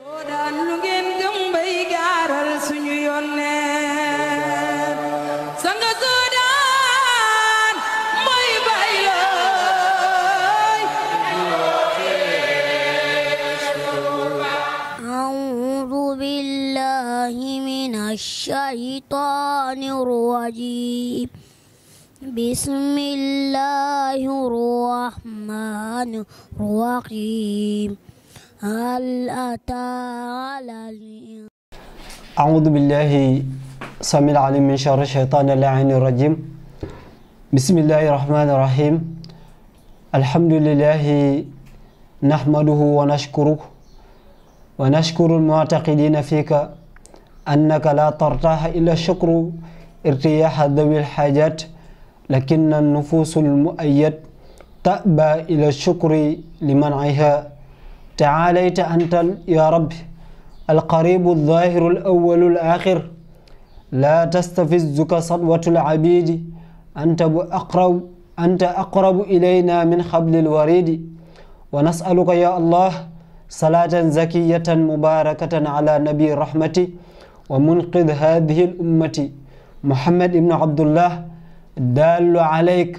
soo daan lu ngeen gëm bay gaaral suñu yónnee sa nga soo daan mooy bay looy أعوذ بالله من الشيطان الرجيم بسم الله الرحمن الرحيم هل أتى على أعوذ بالله سميع العليم من شر الشيطان اللعين الرجيم بسم الله الرحمن الرحيم الحمد لله نحمده ونشكره ونشكر المعتقدين فيك أنك لا ترتاح إلا الشكر ارتياح ذوي الحاجات لكن النفوس المؤيد تأبى إلى الشكر لمنعها تعاليت أنت يا رب القريب الظاهر الأول الآخر لا تستفزك صدوة العبيد أنت أقرب أنت أقرب إلينا من حبل الوريد ونسألك يا الله صلاة زكية مباركة على نبي الرحمة ومنقذ هذه الأمة محمد بن عبد الله الدال عليك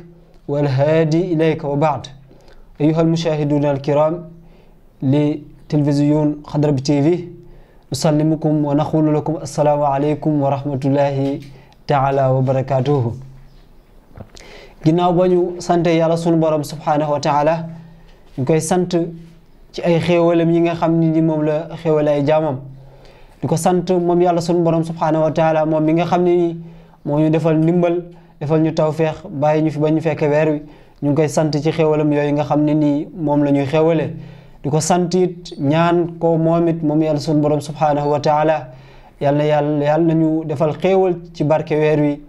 والهادي إليك وبعد أيها المشاهدون الكرام لتلفزيون خضرب تي في نسلمكم ونقول لكم السلام عليكم ورحمة الله تعالى وبركاته ginnaaw ba ñu sant yàlla sunu borom subhanahu wa taala ñu koy sant ci ay xéewalam yi nga xam ni ni moom la xéewale ay jaamam di ko sant moom yàlla sunu borom subhanahu wa taala moom mi nga xam ne ni moo ñu defal ndimbal defal ñu tawféex bàyyi ñu fi ba ñu fekke weer wi ñu ngi koy sant ci xéewalam yooyu nga xam ne nii moom la ñuy xéewale di ko santit ñaan ko moomit it moom yàlla sunu borom subhaanahu wa taala yàlla na yàlla yàlla nañu defal xéewal ci barke weer wi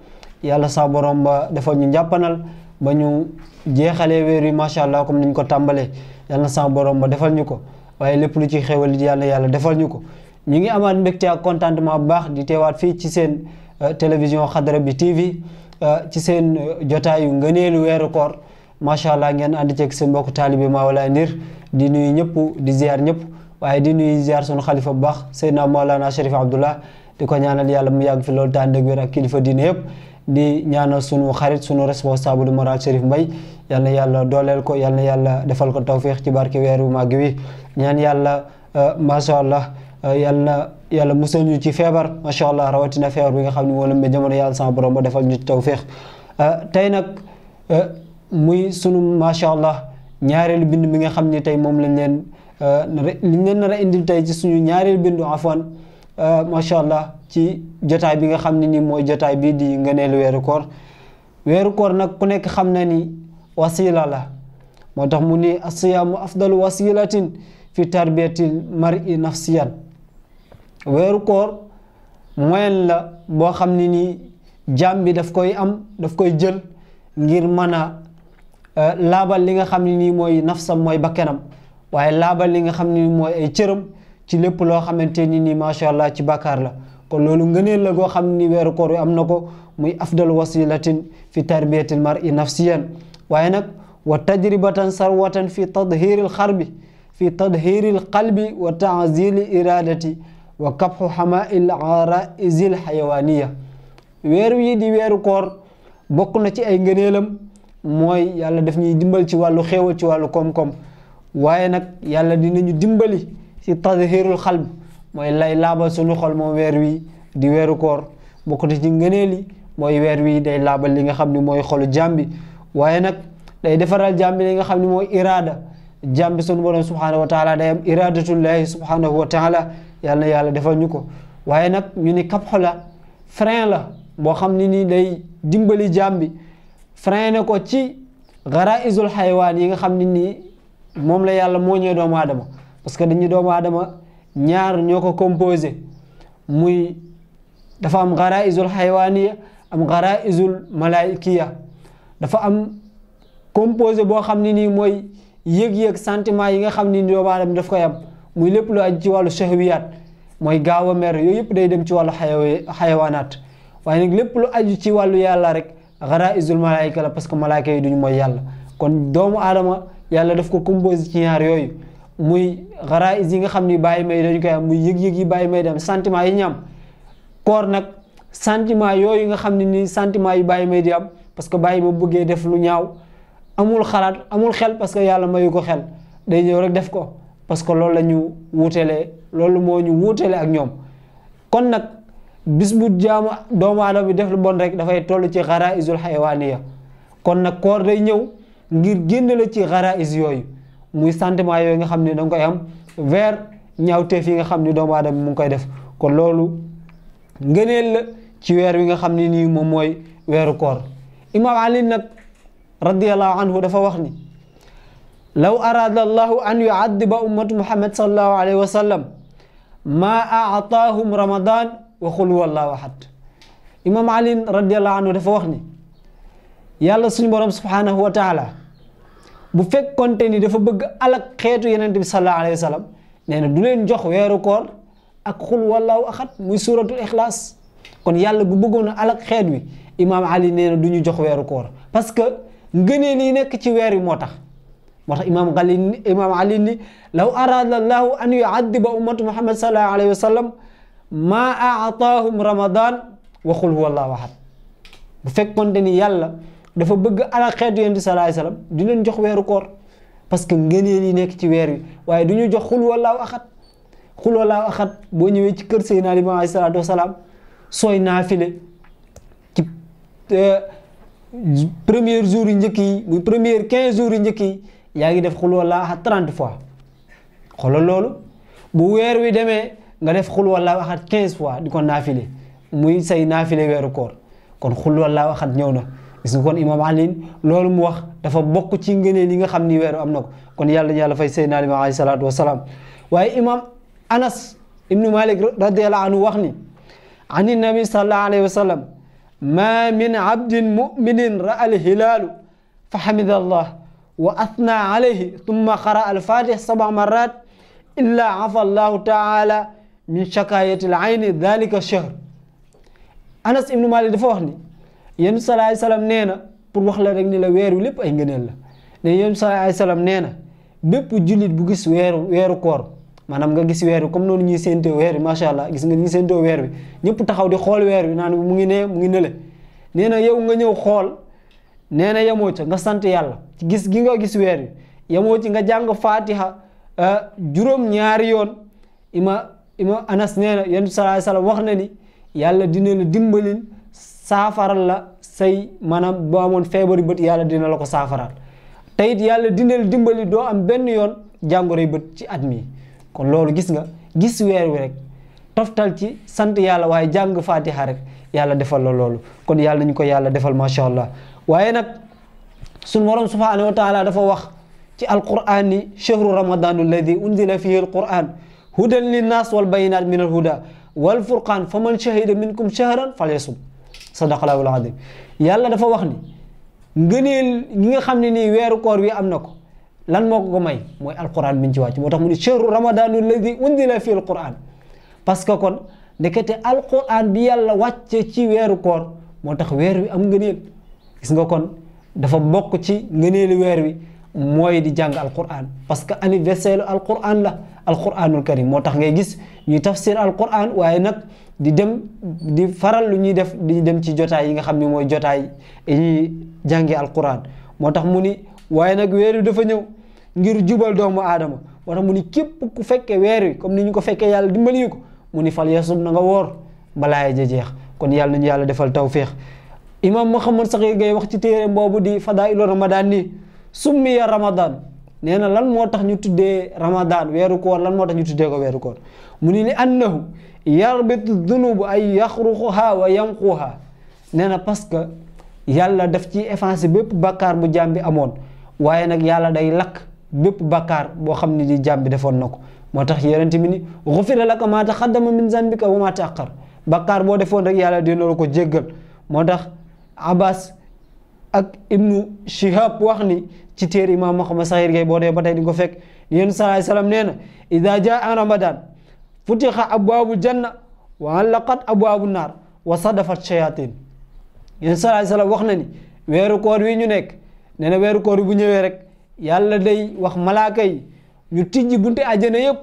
yàlla sa borom ba defal ñu njàppanal ba ñu jeexalee weer wi macha allah comme niñ ko tàmbalee yàlla na sa borom ba defal ñu ko waaye lépp lu ci xéewal it yàlla yàlla defal ñu ko ñu ngi amaat mbégte ak contentement bu baax di teewaat fii ci seen euh, télévision Xadara bi TV euh, ci seen euh, jotaayu ngëneelu weeru koor macha allah ngeen ànd ceeg seen mbokk taalibe Mawalay Ndir di nuy ñëpp di ziar ñëpp waaye di nuy ziar sunu xalifa bu baax Seydina Mawlana Cherif Abdullah di ko ñaanal yàlla mu yàgg fi loolu tànn dëgg wér ak kilifa diine yëpp di ñaanal sunu xarit sunu responsable moral Cherif Mbaye yal na yàlla dooleel ko yal yàlla defal ko tawféex ci barke weeru màgg wi ñaan yàlla euh, macha allah euh, yal na yàlla musal ñu ci feebar macha allah rawatina feebar bi nga xam ne moo lëmbee jamono yàlla sama borom ba defal ñu ci tawféex euh, nag. muy sunu macha allah ñaareelu bind bi nga xam ne tey moom lañ leen euh, liñ leen nar a indil tey ci suñu ñaareelu bindu afwan euh, macha allah ci jotaay bi nga xam ne nii mooy jotaay bii di ngëneelu weeru koor weeru koor nag ku nekk xam na ni wasila la moo tax mu ni asiyaamu afdalu wasilatin fi tarbiyatil mar'i nafsiyan weeru koor moyen la boo xam ne nii jaam bi daf koy am daf koy jël ngir mën a Euh, laabal li nga xam ne nii mooy nafsam mooy bakkanam waaye laabal li nga xam ne nii mooy ay cëram ci lépp loo xamante ni nii macha allah ci bàkkaar la kon loolu ngëneel la goo xam ni weeru kor wi am na ko muy afdal wasilatin fi tarbiyatil mar'i nafsiyan waaye nag wa tajribatan sarwatan fi tadhiril xarbi fi tadhiril qalbi wa taazili iradati wa kabxu xamail araisil xayawaniya weeru yi di weeru koor bokk na ci ay ngëneelam moy yàlla daf ñuy dimbal ci walu xéewal ci walu kom kom waye nak yàlla dinañu dimbali ci tazhirul khalb moy lay laba suñu xol mo wer wi di weru koor bokkut ci ngeeneeli moy wer wi day laabal li nga xamni moy xolu jambi waye nak day defaral jambi li nga xamni moy irada jambi sunu borom subhanahu wa taala day am llahi subhanahu wa taala yàlla yàlla defal ñuko waye nak ñu ni kapxo la frein la bo xamni ni day dimbali jambi freiné ko ci garaisul xaywaan yi nga xam ne nii moom la yàlla moo ñëwee doomu aadama parce que dañuy doomu aadama ñaar ñoo ko composé muy dafa am garaisul xaywaaniya am kii malaikiya dafa am composer boo xam ne nii mooy yëg-yëg sentiment yi nga xam ni nii doomu aadama daf koy am muy lépp lu aju ci wàllu shahwiyaat mooy gaaw a mer yooyu yëpp day dem ci wàllu xayawaanaat waaye nag lépp lu aju ci wàllu yàlla rek xaraa isul malaayika la parce que malaayika yi duñu mooy yàlla kon doomu aadama yàlla daf ko composé ci ñaar yooyu muy xaraa is yi nga xam ni bàyyi may dañu koy am muy yëg-yëg yi bàyyi may di am sentiment yi ñu koor nag sentiment yooyu nga xam ne nii sentiment yi bàyyi may di am parce que bàyyi bu bëggee def lu ñaaw amul xalaat amul xel parce que yàlla mayu ko xel day ñëw rek def ko parce que loolu lañu ñu loolu moo ñu wuutelee ak ñoom kon nag bis bu jaamu doomu aadama bi def lu bon rek dafay toll ci xaraisul xayawaaniya kon nag koor day ñëw ngir génne la ci xarais yooyu muy sentiment yooyu nga xam ne danga koy am vers ñaawteef yi nga xam ne doomu aadama mu ngi koy def kon loolu ngëneel la ci weer wi nga xam ni nii moom mooy weeru koor imaam ali nag radiallahu anhu dafa wax ni law araada allahu an yuaddiba ummatu muhammad salallahu alayhi wa sallam ma aataahum ramadan وقل هو الله واحد امام علي رضي الله عنه دافا واخني يالا سوني بروم سبحانه وتعالى بو فك كونتيني دافا بغ على خيتو يونت بي صلى الله عليه وسلم نينا دولين جوخ ويرو كور اك قل هو الله احد موي سوره الاخلاص كون يالا بو بغون على خيت وي امام علي نينا دونيو جوخ ويرو كور باسكو نغني لي نيك تي ويري موتاخ موتاخ امام علي امام علي لو اراد الله ان يعذب امه محمد صلى الله عليه وسلم maa aataahum ramadan waxul huwa allahu ahad bu fekkonte ni yàlla dafa bëgg alal xeetu yonent bi salaay salaam di leen jox weeru koor parce que ngëneel yi nekk ci weer wi waaye du ñu jox xul wallaahu axat xul wallaahu axat boo ñëwee ci kër Seydina Limaamu alayhi salaatu sooy naafile ci euh, premier jour yu njëkk yi muy premier quinze jours yu njëkk yi yaa ngi def xul wallaahu axat trente fois xoolal loolu bu weer wi demee nga def khul wala waxat 15 fois diko nafilé muy say nafilé wéru koor kon khul wala waxat ñewna gis nga kon imam ali loolu mu wax dafa bokku ci ngeene li nga xamni wéru weeru ko kon yàlla yàlla fay sayna ali alayhi salatu wassalam waye imam anas ibn malik radiyallahu anhu waxni ni عن النبي صلى الله عليه وسلم ما من عبد مؤمن رأى الهلال فحمد الله وأثنى عليه ثم قرأ الفاتح سبع مرات إلا عفى الله تعالى min shakaayati l ayni dalika shahr anas ibnu malik dafa wax ni yéen salaay salaam nee na pour wax la rek ni la weer wi lépp ay ngëneel la ne yéen salaay salaam nee na bépp jullit bu gis weeru weeru koor maanaam nga gis weer wi comme noonu ñuy séentoo weer wi macha allah gis nga ñuy séentoo weer wi ñëpp taxaw di xool weer wi naan mu ngi nee mu ngi nële nee na yow nga ñëw xool nee na yemoo ca nga sant yàlla ci gis gi nga gis weer wi yemoo ci nga jàng faatiha eh, juróom-ñaari yoon imam anas nee na yentu sallallahu alayhi wasallam wax na ni yàlla dina la dimbalil saafaral la say maanaam boo amoon feebari bët yàlla dina la ko saafaral te it yàlla dina la dimbali doo am benn yoon jàngoroy bët ci at mi kon loolu gis nga gis weer wi rek toftal ci sant yàlla waaye jàng faatiha rek yàlla defal la loolu kon yàlla nañu ko yàlla defal macha allah waaye nag suñ borom subhanahu wa dafa wax ci alquran ni chahru ramadanu alladi unzila fihi alquran هدى للناس والبينات من الهدى والفرقان فمن شهد منكم شهرا فليصب صدق الله العظيم يلا دا فا واخني غنيل نيغا خامني ني ويرو كور وي امناكو لان موكو ماي موي القران من جواتي موتاخ مودي شهر رمضان الذي انزل في القران باسكو كون نكتي القران بي يلا واتي تي ويرو كور موتاخ وير وي ام غنيل غيس كون دا فا بوك تي غنيل وير وي moy di Al alquran parce que anniversaire alquran la alquranul karim motax ngay gis ñuy tafsir alquran waye nak di dem di faral lu ñuy def di dem ci jotay yi nga xamni moy jotay yi ñuy alquran moo tax mu ni waaye dafa ñew ngir jubal doomu adama motax muni mu képp ku fekke wéru comme ni ñu ko fekkee yàlla dimbali ko muni fal yasum na nga wor balaay je jeex kon yalla ñu yalla defal tawfiq imam Muhammad sax gay wax ci téré boobu di fadailu ramadan ni summiya ramadan nee na lan moo tax ñu tuddee ramadaan weeru koor lan moo tax ñu tuddee ko weeru koor mu ni li annahu yarbitu dunub ay yaxruquha wa yanquha nee na parce que yàlla def ci effacé bépp bàkkaar bu jaam bi amoon waaye nag yàlla day lakk bépp bakaar boo xam ne di jaam bi defoon na ko moo tax yonent bi ni xufira laka maa taxaddama min zanbika wa maa taaqar bàkkaar boo defoon rek yàlla dina la ko jéggal moo tax abbas ak ibnu shihab wax ni ci teer téer imaam Muhammad Saxiir Gey boo ba tey di ko fekk yéen salaay salaam nee na ida jaa ramadan futixa abwaabul janna wa allaqat abwaabu naar wa sadafat shayatin yéen salaay salaam wax na ni weeru koor wi ñu nekk nee na weeru koor bu ñëwee rek yàlla day wax malaaka yi ñu tijji bunti àjjana yëpp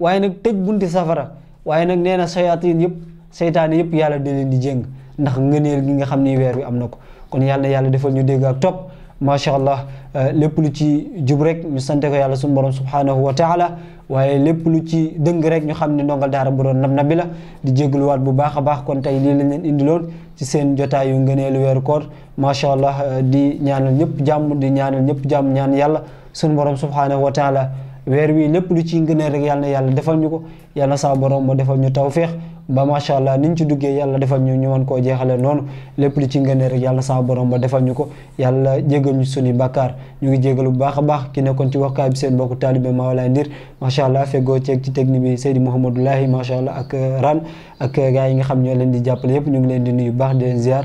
waaye nag tëj bunti safara waaye nag nee na shayatin yëpp seytaane yëpp yàlla di leen di jéng ndax ngëneel gi nga xam ni weer wi am na ko kon yàlla na yàlla defal ñu dégg ak topp macha allah euh, lépp lu ci jub rek ñu sante ko yàlla suñu borom subhanahu wa taala waaye lépp lu ci dëng rek ñu xam ne ndongal daara bu doon nab nabi la di jégaluwaat bu baax a baax kon tey lii lañ leen indiloon ci seen jotaayu ngëneelu weeru koor macha allah euh, di ñaanal ñëpp jàmm di ñaanal ñëpp jàmm ñaan yàlla suñu borom subhanahu wa taala weer wi lépp lu ci ngëneel rek yàlla yàlla defal ñu ko yàlla na saa borom moo defal ñu tawféex ba macha allah niñ ci duggee yàlla defal ñu ñu koo jeexale noonu lépp li ci ngënee rek yàlla saa borom ba defal ñu ko yàlla jégal ñu suñu bàkkaar ñu ngi jégal lu baax a baax ki nekkoon ci wax waxkaay bi seen mbokku taalibe Mawlaay Ndir macha allah feggoo ceeg ci technique bi Seydi Mouhamadou Lahi macha allah ak euh, ran ak gaay yi nga xam ñoo leen di jàppale yëpp ñu ngi leen di nuyu baax di leen ziar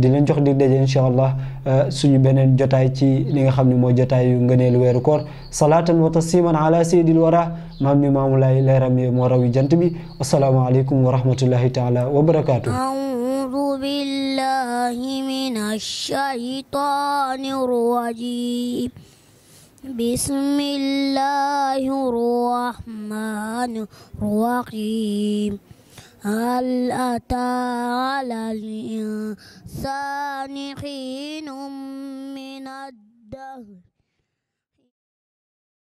di leen jox dig daje incha allah eh, suñu beneen jotaay ci li nga xam ne mooy jotaay yu ngëneelu weeru koor salaatan wa tasliman ala sayyidil wara maam ni maamu lay leeram yi moo raw yi jant bi asalaamu aleykum wa rahmatullahi taala wa barakaatu أعوذ بالله من الشيطان الرجيم بسم الله الرحمن الرحيم هل أتى على الإنسان حين من الدهر